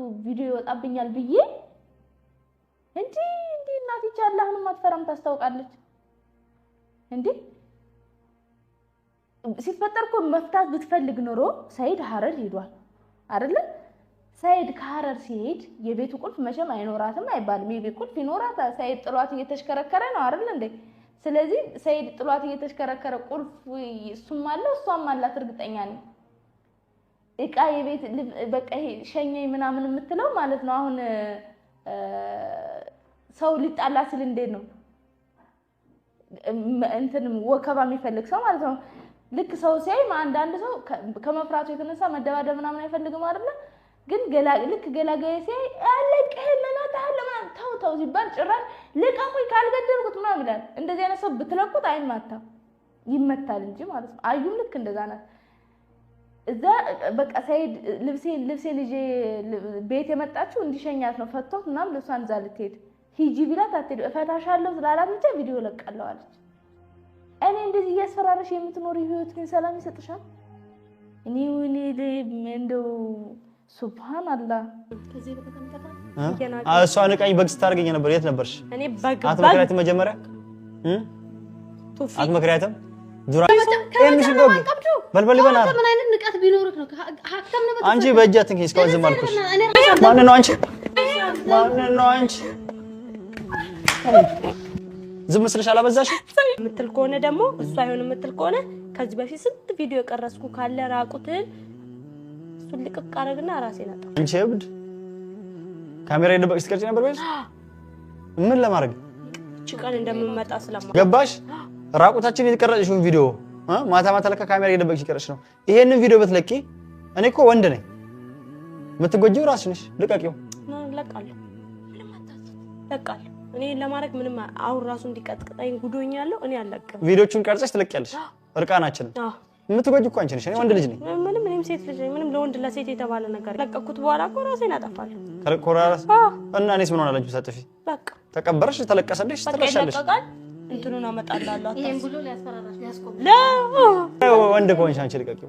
ራሱ ቪዲዮ ይወጣብኛል ብዬ እንዲ እንዲ እናትቻ አላህንም አትፈራም ታስታውቃለች እንዴ ሲፈጠር እኮ መፍታት ብትፈልግ ኖሮ ሰይድ ሀረር ሄዷል አይደለ? ሰይድ ከሀረር ሲሄድ የቤቱ ቁልፍ መቼም አይኖራትም አይባልም። የቤት ቁልፍ ይኖራታል። ሰይድ ጥሏት እየተሽከረከረ ነው አይደለ እንዴ? ስለዚህ ሰይድ ጥሏት እየተሽከረከረ ቁልፍ እሱም አለው እሷም አላት እርግጠኛ ነኝ። እቃ የቤት በቃ ይሄ ሸኘኝ ምናምን የምትለው ማለት ነው። አሁን ሰው ሊጣላ ሲል እንዴት ነው እንትን ወከባ የሚፈልግ ሰው ማለት ነው። ልክ ሰው ሲያይ አንዳንድ ሰው ከመፍራቱ የተነሳ መደባደብ ምናምን አይፈልግም አይደለ? ግን ልክ ገላጋይ ሲያይ አለቅህ መናታለ ተው ተው ሲባል ጭራሽ ልቀሙኝ ካልገደልኩት ምናምን ይላል። እንደዚህ አይነት ሰው ብትለቁት አይማታም ይመታል እንጂ ማለት ነው። አዩም ልክ እንደዛ ናት። እዛ በቃ ሰይድ ልብሴ ልብሴ ልጄ ቤት የመጣችው እንዲሸኛት ነው። ፈቶት ምናምን ልብሷን እዛ ልትሄድ ሂጂ ቢላት አትሄድ እፈታሻለሁ ስላላት ብቻ ቪዲዮ ለቃለዋለች። እኔ እንደዚህ እያስፈራረሽ የምትኖር ህይወት ግን ሰላም ይሰጥሻል? እኔ ወኔ እንደው ሱብሃን አላህ እሷን እቃኝ በግ ስታደርገኝ ነበር። የት ነበርሽ? አትመክሪያትም? መጀመሪያ አትመክሪያትም? ዱራ ምሽ በልበል ይበናል አንቺ በእጅ እንግዲህ እስካሁን ዝም አልኩሽ። ማንን ነው አንቺ? ማን ነው አንቺ? ዝም ስልሽ አላበዛሽ የምትል ከሆነ ደግሞ እሱ አይሆን የምትል ከሆነ ከዚህ በፊት ስንት ቪዲዮ የቀረስኩ ካለ ራቁትህን እሱን ልቅቅ አደረግና ራሴን አጣ። አንቺ እብድ ካሜራ የደበቅሽ ስትቀርጪ ነበር ቤት ምን ለማድረግ እቺ እንደምመጣ ስለማ ገባሽ? ራቁታችን የተቀረጽሽውን ቪዲዮ ማታ ማታ ለካ ካሜራ የደበቅሽ ቀረሽ ነው። ይሄንን ቪዲዮ ብትለቂ እኔ እኮ ወንድ ነኝ። የምትጎጂው ራስ ነሽ። ልቀቂው። ለቃለሁ፣ ለቃለሁ። እኔ ለማድረግ ምንም አሁን ራሱ እንዲቀጥቅጠኝ ጉዶኛለሁ። እኔ አልለቅም። ቪዲዮቹን ቀርጸሽ ትለቅያለሽ። እርቃናችንን የምትጎጂው እኮ አንቺ ነሽ። እኔ ወንድ ልጅ ነኝ። ምንም እኔም ሴት ልጅ ነኝ። ምንም ለወንድ ለሴት የተባለ ነገር ለቀኩት በኋላ እኮ ራሴን አጠፋለሁ። ኮራራስ እና እኔስ ምን ሆናለች? ብሰጥፊ በቃ ተቀበረሽ፣ ተለቀሰልሽ፣ ትለሻለሽ። እንትኑን አመጣላለሁ። ወንድ ከሆንሽ አንቺ ልቀቂው።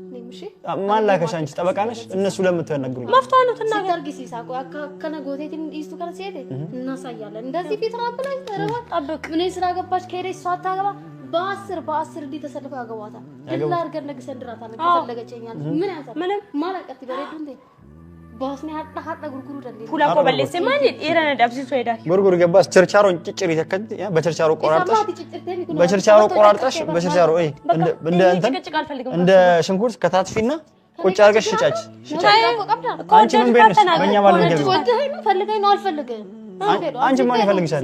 ማን ላከሽ? አንቺ ጠበቃ ነሽ? እነሱ ለምትነግሩኝ መፍቷል ነው ተናገር ጊዜ ሳቆ ከነጎቴትን ኢስቱ ሲሄድ እናሳያለን። እንደዚህ ፊት ራብ ላይ ጠብቅ። ምን ስራ ገባች? ከሄደች ሰው አታገባ። በአስር በአስር እንዲህ ተሰልፈው ያገቧታል። ድል አድርገን ነግሰን ድራታለን። ከፈለገችኛል ምን ያሳል ምንም ማላቀት በሬዱ እንዴ ጉርጉር ገባ ቸርቻሮን ጭጭር ይተከል በቸርቻሮ ቆራርጠሽ በቸርቻሮ ቆራርጠሽ በቸርቻሮ እንደ ሽንኩርት ከታትፊና ቁጭ አድርገሽ ሽጫች ሽጫች። አንቺ ምን ቤት በእኛ ባል ቤት አንቺ ማን ይፈልግሻል?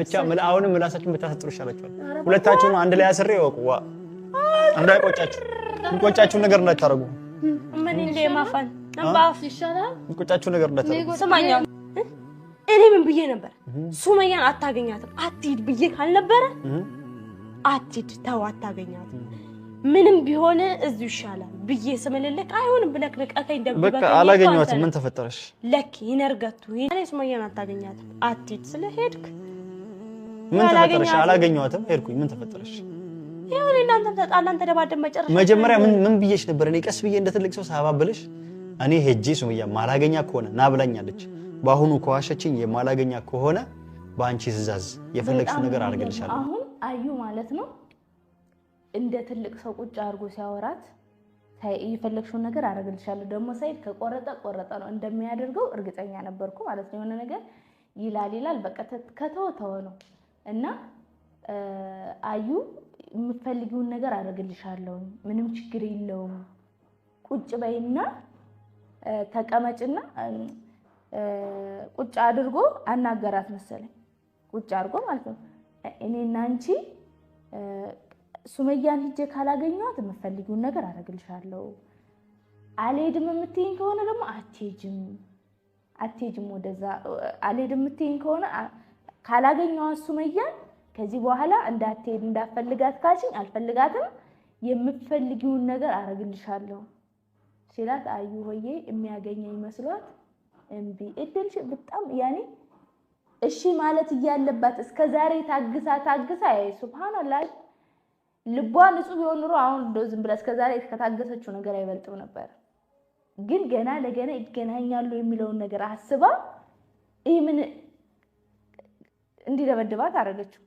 ብቻ አሁንም ምላሳችሁን ብታሰጥሩ ይሻላችኋል። ሁለታችሁን አንድ ላይ አስሬ ወቁዋ እንዳይቆጫችሁ እንቆጫችሁ ነገር እንዳታረጉ። ምን እንደ ማፋን እንባፍ ይሻላል። እንቆጫችሁ ነገር እንዳታረጉ። ስማኛ እኔ ምን ብዬ ነበር? ሱመያን አታገኛትም አትሂድ ብዬ ካልነበረ አትሂድ ተው አታገኛትም ምንም ቢሆን እዚሁ ይሻላል ብዬ ስምልልክ አይሆንም ብለክ ልቀቀኝ። በቃ አላገኘኋትም። ምን ተፈጠረሽ? ለክ ይነርገቱ እኔ ሱመያን አታገኛትም አትሂድ ስለሄድክ ምን ተፈጠረሽ? አላገኘኋትም ሄድኩኝ። ምን ተፈጠረሽ? ይሁን እናንተም ተጣላን፣ ተደባደብ መጨረሻ መጀመሪያ ምን ምን ብዬሽ ነበር? እኔ ቀስ ብዬ እንደ ትልቅ ሰው ሳባብልሽ እኔ ሄጄ ሱምያ ማላገኛ ከሆነ ና ብላኛለች። በአሁኑ ከዋሸችኝ የማላገኛ ከሆነ በአንቺ ትእዛዝ የፈለግሽው ነገር አድርግልሻለሁ። አሁን አዩ ማለት ነው እንደ ትልቅ ሰው ቁጭ አድርጎ ሲያወራት የፈለግሽውን ነገር አደርግልሻለሁ። ደግሞ ሳይድ ከቆረጠ ቆረጠ ነው እንደሚያደርገው እርግጠኛ ነበርኩ ማለት ነው። የሆነ ነገር ይላል ይላል፣ በቃ ነው እና አዩ የምትፈልጊውን ነገር አደርግልሻለሁ፣ ምንም ችግር የለውም፣ ቁጭ በይና ተቀመጭና ቁጭ አድርጎ አናገራት መሰለኝ። ቁጭ አድርጎ ማለት ነው። እኔና አንቺ ሱመያን ሂጄ ካላገኘኋት የምትፈልጊውን ነገር አደርግልሻለሁ። አልሄድም የምትይኝ ከሆነ ደግሞ አትሄጂም፣ አትሄጂም ወደዛ አልሄድም የምትይኝ ከሆነ ካላገኘኋት ሱመያን ከዚህ በኋላ እንዳትሄድ እንዳፈልጋት ካልሽኝ አልፈልጋትም፣ የምትፈልጊውን ነገር አረግልሻለሁ ሲላት አዩ ሆዬ የሚያገኘኝ መስሏት እምቢ እድልሽ በጣም ያኔ እሺ ማለት እያለባት እስከ ዛሬ ታግሳ ታግሳ ሱብሃንአላህ ልቧ ንጹህ ቢሆን ኑሮ አሁን እንደው ዝም ብላ እስከ ዛሬ ከታገሰችው ነገር አይበልጥም ነበር። ግን ገና ለገና ይገናኛሉ የሚለውን ነገር አስባ ይህ ምን እንዲደበድባት አደረገችው።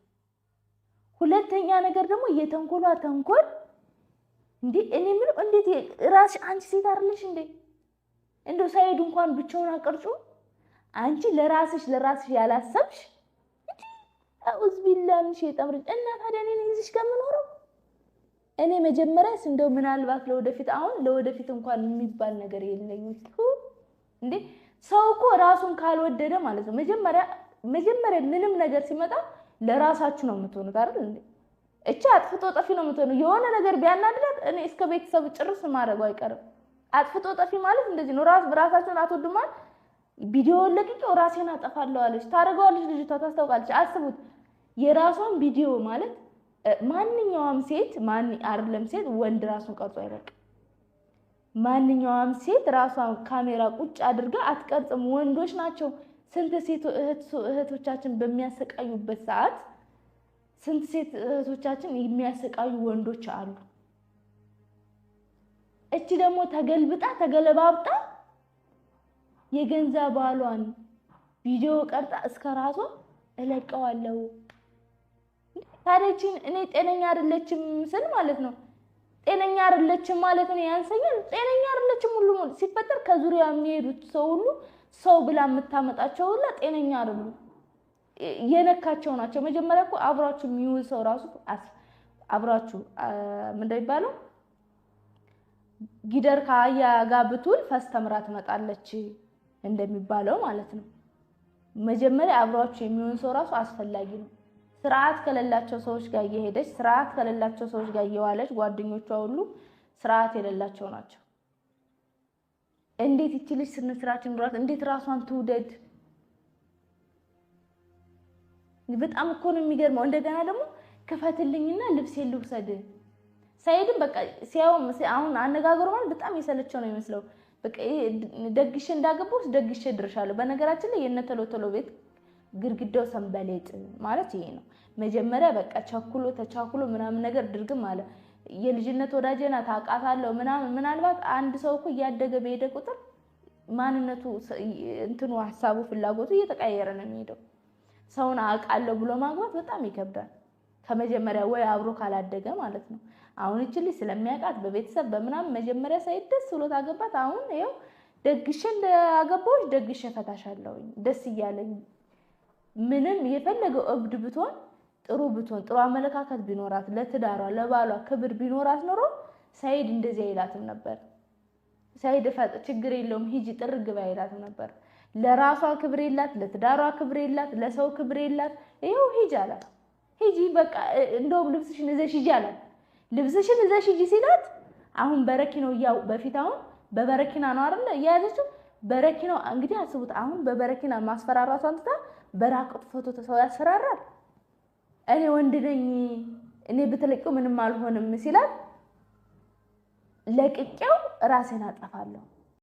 ሁለተኛ ነገር ደግሞ የተንኮሏ ተንኮል እንዲ እኔ ምን እንዴት ራስሽ አንቺ ሴት አይደለሽ እንዴ? እንዶ ሳይሄድ እንኳን ብቻውን አቀርጩ አንቺ ለራስሽ ለራስሽ ያላሰብሽ አውዝ ቢላ ምን ሸይጣን ርጅ እና ታዲያ እኔ ይዝሽ ከምኖረው እኔ መጀመሪያስ እንደው ምናልባት ለወደፊት አሁን ለወደፊት እንኳን የሚባል ነገር የለኝ እንዴ! ሰው እኮ ራሱን ካልወደደ ማለት ነው መጀመሪያ መጀመሪያ ምንም ነገር ሲመጣ ለራሳችሁ ነው የምትሆኑት አይደል እንዴ? እቺ አጥፍቶ ጠፊ ነው የምትሆኑ። የሆነ ነገር ቢያናድዳት እኔ እስከ ቤተሰብ ጭርስ ማድረጉ አይቀርም። አጥፍቶ ጠፊ ማለት እንደዚህ ነው። ራስ በራሳችሁን አትወዱማል። ቪዲዮ ለቅቄው ራሴን አጠፋለሁ አለች፣ ታደርገዋለች። ልጅቷ ታስታውቃለች። አስቡት፣ የራሷን ቪዲዮ ማለት ማንኛውም ሴት ማን አይደለም ሴት ወንድ ራሱን ቀርጾ አይበቅ። ማንኛውም ሴት ራሷን ካሜራ ቁጭ አድርጋ አትቀርጽም። ወንዶች ናቸው ስንት ሴት እህቶቻችን በሚያሰቃዩበት ሰዓት ስንት ሴት እህቶቻችን የሚያሰቃዩ ወንዶች አሉ። እቺ ደግሞ ተገልብጣ ተገለባብጣ የገንዘብ ባሏን ቪዲዮ ቀርጣ እስከ ራሷ እለቀዋለሁ። ታዲያ እኔ ጤነኛ አይደለችም ስል ማለት ነው ጤነኛ አይደለችም ማለት ነው ያንሰኛል። ጤነኛ አይደለችም ሁሉ ሲፈጠር ከዙሪያ የሚሄዱት ሰው ሁሉ ሰው ብላ የምታመጣቸው ሁላ ጤነኛ አይደሉም። የነካቸው ናቸው። መጀመሪያ እኮ አብሯችሁ የሚውል ሰው ራሱ አብሯችሁ ምንድን ነው ጊደር ከአህያ ጋር ብትውል ፈስ ተምራ ትመጣለች እንደሚባለው ማለት ነው። መጀመሪያ አብሯችሁ የሚሆን ሰው ራሱ አስፈላጊ ነው። ስርዓት ከሌላቸው ሰዎች ጋር እየሄደች ስርዓት ከሌላቸው ሰዎች ጋር እየዋለች ጓደኞቿ ሁሉ ስርዓት የሌላቸው ናቸው። እንዴት ይቺ ልጅ ስነ ስርዓት እንዴት ራሷን ትውደድ? በጣም እኮ ነው የሚገርመው። እንደገና ደግሞ ክፈትልኝና ልብሴ ልውሰድ። ሰይድም በቃ ሲያውም አሁን አነጋገሩ ማለት በጣም የሰለቸው ነው ይመስለው። በቃ ደግሼ እንዳገባው ደግሼ ድርሻለሁ። በነገራችን ላይ የነተሎተሎ ቤት ግድግዳው ሰንበሌጥ ማለት ይሄ ነው። መጀመሪያ በቃ ቸኩሎ ተቻኩሎ ምናምን ነገር ድርግም አለ። የልጅነት ወዳጄ ናት ምናምን። ምናልባት አንድ ሰው እኮ እያደገ በሄደ ቁጥር ማንነቱ እንትኑ ሀሳቡ፣ ፍላጎቱ እየተቀየረ ነው የሚሄደው። ሰውን አውቃለሁ ብሎ ማግባት በጣም ይከብዳል። ከመጀመሪያ ወይ አብሮ ካላደገ ማለት ነው። አሁን እቺ ልጅ ስለሚያውቃት በቤተሰብ በምናምን መጀመሪያ ሳይደስ ደስ ብሎት አገባት። አሁን ይኸው ደግሼ እንዳገባሁሽ ደግሼ ፈታሻለሁኝ ደስ እያለኝ ምንም የፈለገው እብድ ብትሆን ጥሩ ብትሆን ጥሩ አመለካከት ቢኖራት ለትዳሯ ለባሏ ክብር ቢኖራት ኖሮ ሳይድ እንደዚህ አይላትም ነበር። ሳይድ ፈጥ ችግር የለውም ሂጂ ጥርግ በይ አይላትም ነበር። ለራሷ ክብር የላት፣ ለትዳሯ ክብር የላት፣ ለሰው ክብር የላት። ይኸው ሂጂ አላት። ሂጂ በቃ እንደውም ልብስሽን እዘሽ ሂጂ አላት። ልብስሽን እዘሽ ሂጂ ሲላት አሁን በረኪናው ያው በፊት አሁን በበረኪና ነው አይደለ እያያዘችው በረኪናው እንግዲህ አስቡት። አሁን በበረኪና ማስፈራራ አንትታ በራቁት ፎቶ ተሰው ያስፈራራል። እኔ ወንድ ነኝ እኔ ብትለቂው ምንም አልሆንም ሲላል ለቅቄው ራሴን አጠፋለሁ።